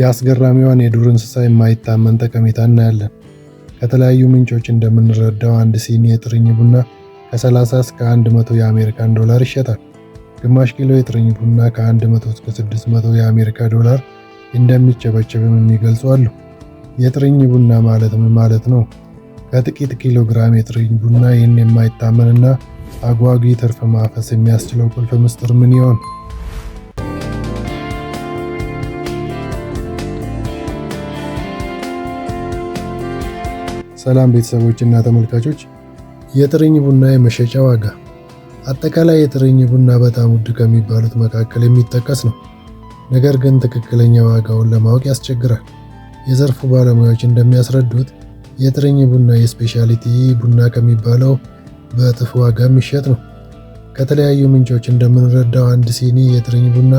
የአስገራሚዋን የዱር እንስሳ የማይታመን ጠቀሜታ እናያለን። ከተለያዩ ምንጮች እንደምንረዳው አንድ ሲኒ የጥርኝ ቡና ከ30 እስከ 100 የአሜሪካን ዶላር ይሸጣል። ግማሽ ኪሎ የጥርኝ ቡና ከ100 እስከ 600 የአሜሪካ ዶላር እንደሚቸበቸብም የሚገልጹ አሉ። የጥርኝ ቡና ማለት ምን ማለት ነው? ከጥቂት ኪሎ ግራም የጥርኝ ቡና ይህን የማይታመንና አጓጊ ትርፍ ማፈስ የሚያስችለው ቁልፍ ምስጢር ምን ይሆን? ሰላም ቤተሰቦችና ተመልካቾች፣ የጥርኝ ቡና የመሸጫ ዋጋ። አጠቃላይ የጥርኝ ቡና በጣም ውድ ከሚባሉት መካከል የሚጠቀስ ነው። ነገር ግን ትክክለኛ ዋጋውን ለማወቅ ያስቸግራል። የዘርፉ ባለሙያዎች እንደሚያስረዱት የጥርኝ ቡና የስፔሻሊቲ ቡና ከሚባለው በእጥፍ ዋጋ የሚሸጥ ነው። ከተለያዩ ምንጮች እንደምንረዳው አንድ ሲኒ የጥርኝ ቡና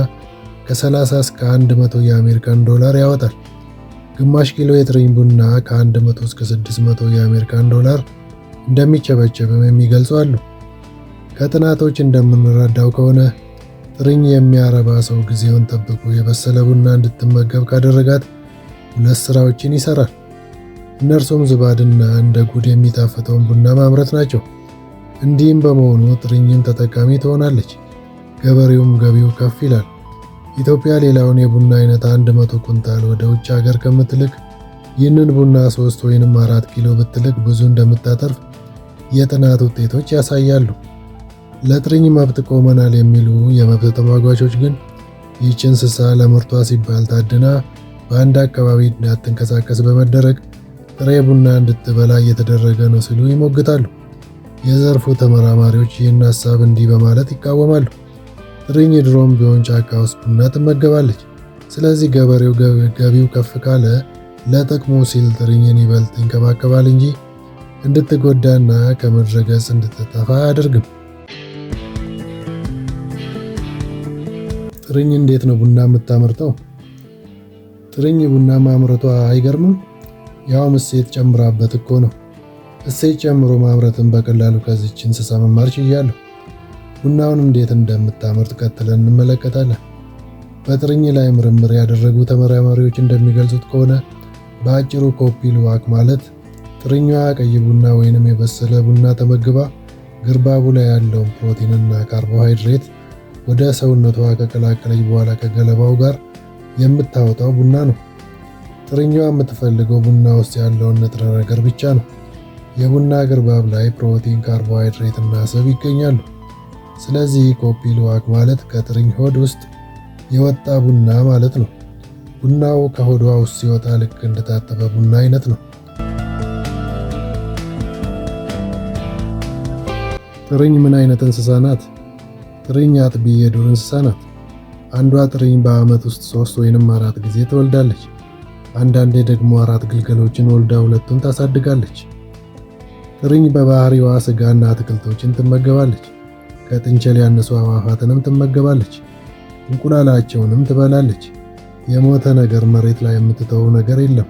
ከ30 እስከ 100 የአሜሪካን ዶላር ያወጣል። ግማሽ ኪሎ የጥሬኝ ቡና ከ100 እስከ 600 የአሜሪካን ዶላር እንደሚቸበቸብም የሚገልጹ አሉ። ከጥናቶች እንደምንረዳው ከሆነ ጥርኝ የሚያረባ ሰው ጊዜውን ጠብቆ የበሰለ ቡና እንድትመገብ ካደረጋት ሁለት ስራዎችን ይሰራል። እነርሱም ዝባድና እንደ ጉድ የሚጣፍጠውን ቡና ማምረት ናቸው። እንዲህም በመሆኑ ጥርኝም ተጠቃሚ ትሆናለች፣ ገበሬውም ገቢው ከፍ ይላል። ኢትዮጵያ ሌላውን የቡና አይነት 100 ኩንታል ወደ ውጭ ሀገር ከምትልክ ይህንን ቡና 3 ወይንም 4 ኪሎ ብትልክ ብዙ እንደምታተርፍ የጥናት ውጤቶች ያሳያሉ። ለጥርኝ መብት ቆመናል የሚሉ የመብት ተሟጓቾች ግን ይህች እንስሳ ለምርቷ ሲባል ታድና በአንድ አካባቢ እንዳትንቀሳቀስ በመደረግ ጥሬ ቡና እንድትበላ እየተደረገ ነው ሲሉ ይሞግታሉ። የዘርፉ ተመራማሪዎች ይህን ሀሳብ እንዲህ በማለት ይቃወማሉ። ሪኒ ድሮም ቢሆን ጫካ ውስጥ ቡና ትመገባለች። ስለዚህ ገበሬው ገቢው ከፍ ካለ ለጥቅሙ ሲል ጥርኝን ይበልጥ ይንከባከባል እንጂ እንድትጎዳና ከምድረ ገጽ እንድትጠፋ አያደርግም። ጥርኝ እንዴት ነው ቡና የምታመርተው? ጥርኝ ቡና ማምረቷ አይገርምም? ያውም እሴት ጨምራበት እኮ ነው። እሴት ጨምሮ ማምረትን በቀላሉ ከዚች እንስሳ መማር ችያለሁ። ቡናውን እንዴት እንደምታመርት ቀጥለን እንመለከታለን። በጥርኝ ላይ ምርምር ያደረጉ ተመራማሪዎች እንደሚገልጹት ከሆነ በአጭሩ ኮፒ ልዋክ ማለት ጥርኟ ቀይ ቡና ወይንም የበሰለ ቡና ተመግባ ግርባቡ ላይ ያለውን ፕሮቲንና ካርቦሃይድሬት ወደ ሰውነቷ ከቀላቀለች በኋላ ከገለባው ጋር የምታወጣው ቡና ነው። ጥርኛዋ የምትፈልገው ቡና ውስጥ ያለውን ንጥረ ነገር ብቻ ነው። የቡና ግርባብ ላይ ፕሮቲን፣ ካርቦሃይድሬት እና ስብ ይገኛሉ። ስለዚህ ኮፒ ልዋግ ማለት ከጥርኝ ሆድ ውስጥ የወጣ ቡና ማለት ነው። ቡናው ከሆዷ ውስጥ ሲወጣ ልክ እንደታጠበ ቡና አይነት ነው። ጥርኝ ምን አይነት እንስሳ ናት? ጥርኝ አጥቢ የዱር እንስሳ ናት። አንዷ ጥርኝ በዓመት ውስጥ ሶስት ወይንም አራት ጊዜ ትወልዳለች። አንዳንዴ ደግሞ አራት ግልገሎችን ወልዳ ሁለቱን ታሳድጋለች። ጥርኝ በባህሪዋ ስጋና አትክልቶችን ትመገባለች። ከጥንቸል ያነሱ አዕዋፋትንም ትመገባለች፣ እንቁላላቸውንም ትበላለች። የሞተ ነገር መሬት ላይ የምትተው ነገር የለም።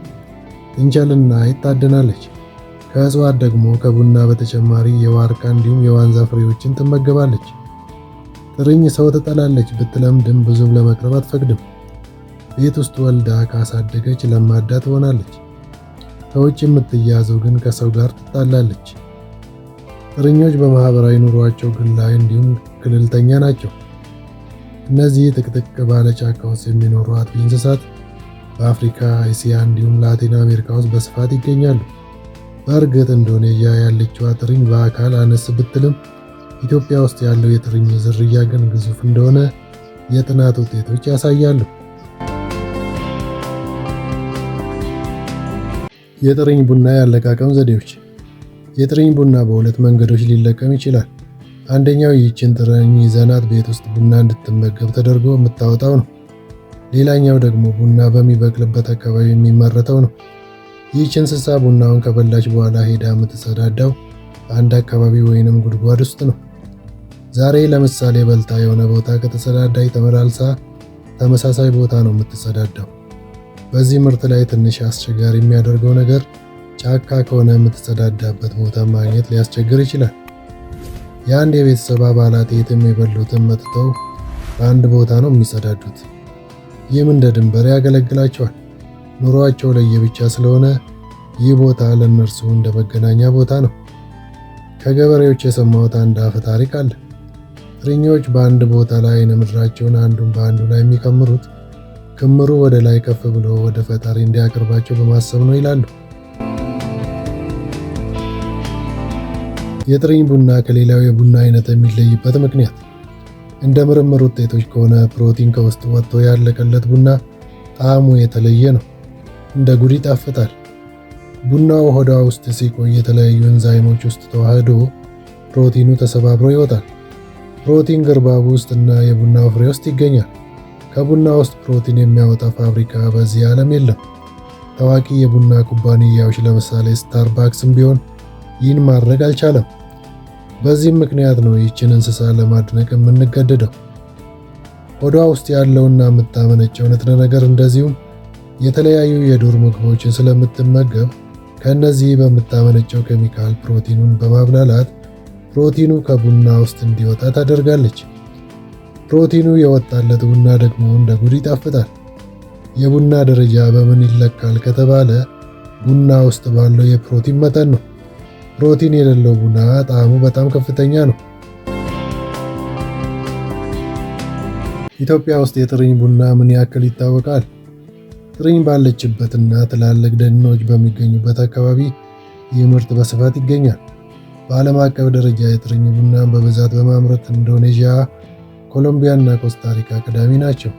ጥንቸልና አይጥ ታድናለች። ከእጽዋት ደግሞ ከቡና በተጨማሪ የዋርካ እንዲሁም የዋንዛ ፍሬዎችን ትመገባለች። ጥርኝ ሰው ትጠላለች፣ ብትለምድም ብዙም ለመቅረብ አትፈቅድም። ቤት ውስጥ ወልዳ ካሳደገች ለማዳ ትሆናለች። ከውጭ የምትያዘው ግን ከሰው ጋር ትጣላለች። እረኞች በማህበራዊ ኑሯቸው ግላዊ እንዲሁም ገለልተኛ ናቸው። እነዚህ ጥቅጥቅ ባለ ጫካ ውስጥ የሚኖሩ አጥቢ እንስሳት በአፍሪካ፣ እስያ እንዲሁም ላቲን አሜሪካ ውስጥ በስፋት ይገኛሉ። በእርግጥ ኢንዶኔዥያ ያለችዋ ትርኝ በአካል አነስ ብትልም ኢትዮጵያ ውስጥ ያለው የትርኝ ዝርያ ግን ግዙፍ እንደሆነ የጥናት ውጤቶች ያሳያሉ። የጥርኝ ቡና ያለቃቀም ዘዴዎች የጥርኝ ቡና በሁለት መንገዶች ሊለቀም ይችላል። አንደኛው ይህችን ጥርኝ ይዘናት ቤት ውስጥ ቡና እንድትመገብ ተደርጎ የምታወጣው ነው። ሌላኛው ደግሞ ቡና በሚበቅልበት አካባቢ የሚመረተው ነው። ይህች እንስሳ ቡናውን ከበላች በኋላ ሄዳ የምትጸዳዳው አንድ አካባቢ ወይንም ጉድጓድ ውስጥ ነው። ዛሬ ለምሳሌ በልታ የሆነ ቦታ ከተጸዳዳይ ተመላልሳ ተመሳሳይ ቦታ ነው የምትጸዳዳው። በዚህ ምርት ላይ ትንሽ አስቸጋሪ የሚያደርገው ነገር ጫካ ከሆነ የምትጸዳዳበት ቦታ ማግኘት ሊያስቸግር ይችላል። የአንድ የቤተሰብ አባላት የትም የበሉትን መጥተው በአንድ ቦታ ነው የሚጸዳዱት። ይህም እንደ ድንበር ያገለግላቸዋል። ኑሯቸው ለየብቻ ስለሆነ ይህ ቦታ ለእነርሱ እንደ መገናኛ ቦታ ነው። ከገበሬዎች የሰማሁት አንድ አፈ ታሪክ አለ። እረኞች በአንድ ቦታ ላይ አይነ ምድራቸውን አንዱን በአንዱ ላይ የሚከምሩት ክምሩ ወደ ላይ ከፍ ብሎ ወደ ፈጣሪ እንዲያቀርባቸው በማሰብ ነው ይላሉ። የጥሪኝ ቡና ከሌላው የቡና አይነት የሚለይበት ምክንያት እንደ ምርምር ውጤቶች ከሆነ ፕሮቲን ከውስጥ ወጥቶ ያለቀለት ቡና ጣዕሙ የተለየ ነው። እንደ ጉድ ይጣፍጣል። ቡናው ሆዳ ውስጥ ሲቆይ የተለያዩ ኤንዛይሞች ውስጥ ተዋህዶ ፕሮቲኑ ተሰባብሮ ይወጣል። ፕሮቲን ውስጥ ውስጥና የቡናው ፍሬ ውስጥ ይገኛል። ከቡና ውስጥ ፕሮቲን የሚያወጣ ፋብሪካ በዚህ ዓለም የለም። ታዋቂ የቡና ኩባንያዎች ለምሳሌ ስታርባክስም ቢሆን ይህን ማድረግ አልቻለም። በዚህም ምክንያት ነው ይህችን እንስሳ ለማድነቅ የምንገደደው። ሆዷ ውስጥ ያለውና የምታመነጨው ንጥረ ነገር እንደዚሁም የተለያዩ የዱር ምግቦችን ስለምትመገብ ከእነዚህ በምታመነጨው ኬሚካል ፕሮቲኑን በማብላላት ፕሮቲኑ ከቡና ውስጥ እንዲወጣ ታደርጋለች። ፕሮቲኑ የወጣለት ቡና ደግሞ እንደ ጉድ ይጣፍጣል። የቡና ደረጃ በምን ይለካል ከተባለ ቡና ውስጥ ባለው የፕሮቲን መጠን ነው። ፕሮቲን የሌለው ቡና ጣዕሙ በጣም ከፍተኛ ነው። ኢትዮጵያ ውስጥ የጥርኝ ቡና ምን ያክል ይታወቃል? ጥርኝ ባለችበትና ትላልቅ ደኖች በሚገኙበት አካባቢ ይህ ምርት በስፋት ይገኛል። በዓለም አቀፍ ደረጃ የጥርኝ ቡናን በብዛት በማምረት ኢንዶኔዥያ፣ ኮሎምቢያ እና ኮስታሪካ ቀዳሚ ናቸው።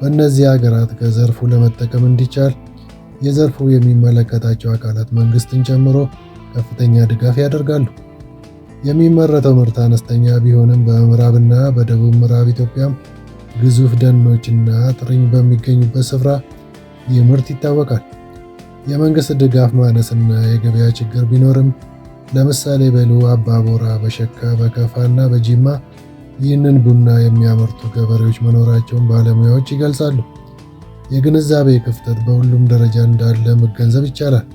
በእነዚህ ሀገራት ከዘርፉ ለመጠቀም እንዲቻል የዘርፉ የሚመለከታቸው አካላት መንግስትን ጨምሮ ከፍተኛ ድጋፍ ያደርጋሉ። የሚመረተው ምርት አነስተኛ ቢሆንም በምዕራብና በደቡብ ምዕራብ ኢትዮጵያም ግዙፍ ደኖችና ጥርኝ በሚገኙበት ስፍራ ይህ ምርት ይታወቃል። የመንግስት ድጋፍ ማነስና የገበያ ችግር ቢኖርም ለምሳሌ በሉ አባቦራ፣ በሸካ፣ በከፋና በጂማ ይህንን ቡና የሚያመርቱ ገበሬዎች መኖራቸውን ባለሙያዎች ይገልጻሉ። የግንዛቤ ክፍተት በሁሉም ደረጃ እንዳለ መገንዘብ ይቻላል።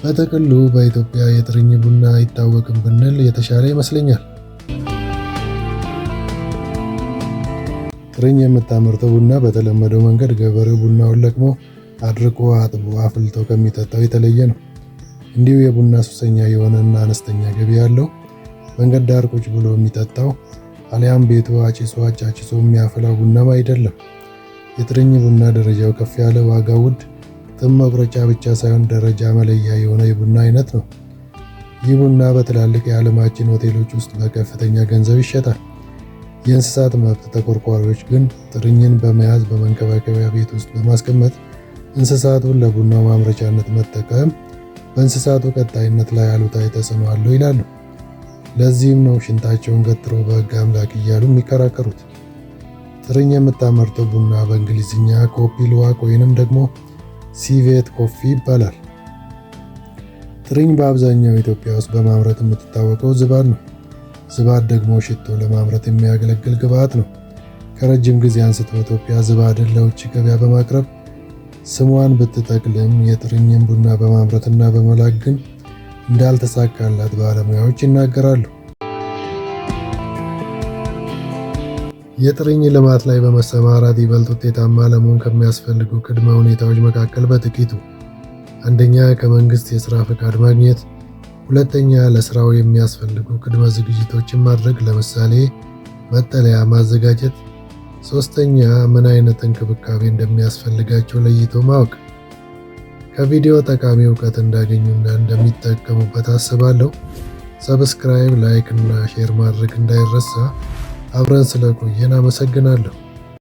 በጥቅሉ በኢትዮጵያ የጥርኝ ቡና አይታወቅም ብንል የተሻለ ይመስለኛል። ጥርኝ የምታመርተው ቡና በተለመደው መንገድ ገበሬው ቡናውን ለቅሞ አድርቆ አጥቦ አፍልቶ ከሚጠጣው የተለየ ነው። እንዲሁ የቡና ሱሰኛ የሆነና አነስተኛ ገቢ ያለው መንገድ ዳር ቁጭ ብሎ የሚጠጣው አሊያም ቤቱ አጭሶ አጫጭሶ የሚያፈላው ቡናም አይደለም። የጥርኝ ቡና ደረጃው ከፍ ያለ፣ ዋጋ ውድ ጥም መቁረጫ ብቻ ሳይሆን ደረጃ መለያ የሆነ የቡና አይነት ነው። ይህ ቡና በትላልቅ የዓለማችን ሆቴሎች ውስጥ በከፍተኛ ገንዘብ ይሸጣል። የእንስሳት መብት ተቆርቋሪዎች ግን ጥርኝን በመያዝ በመንከባከቢያ ቤት ውስጥ በማስቀመጥ እንስሳቱን ለቡና ማምረቻነት መጠቀም በእንስሳቱ ቀጣይነት ላይ አሉታዊ ተጽዕኖ አለው ይላሉ። ለዚህም ነው ሽንታቸውን ገትሮ በሕግ አምላክ እያሉ የሚከራከሩት። ጥርኝ የምታመርተው ቡና በእንግሊዝኛ ኮፒ ልዋክ ወይንም ደግሞ ሲቬት ኮፊ ይባላል። ጥርኝ በአብዛኛው ኢትዮጵያ ውስጥ በማምረት የምትታወቀው ዝባድ ነው። ዝባድ ደግሞ ሽቶ ለማምረት የሚያገለግል ግብዓት ነው። ከረጅም ጊዜ አንስቶ ኢትዮጵያ ዝባድን ለውጭ ገበያ በማቅረብ ስሟን ብትጠቅልም የጥርኝን ቡና በማምረትና በመላክ ግን እንዳልተሳካላት ባለሙያዎች ይናገራሉ። የጥሪኝ ልማት ላይ በመሰማራት ይበልጥ ውጤታማ ለመሆን ከሚያስፈልጉ ቅድመ ሁኔታዎች መካከል በጥቂቱ፣ አንደኛ ከመንግስት የስራ ፈቃድ ማግኘት፣ ሁለተኛ ለስራው የሚያስፈልጉ ቅድመ ዝግጅቶችን ማድረግ ለምሳሌ መጠለያ ማዘጋጀት፣ ሶስተኛ ምን አይነት እንክብካቤ እንደሚያስፈልጋቸው ለይቶ ማወቅ። ከቪዲዮ ጠቃሚ እውቀት እንዳገኙና እንደሚጠቀሙበት አስባለሁ። ሰብስክራይብ፣ ላይክ እና ሼር ማድረግ እንዳይረሳ። አብረን ስለቆየን አመሰግናለሁ።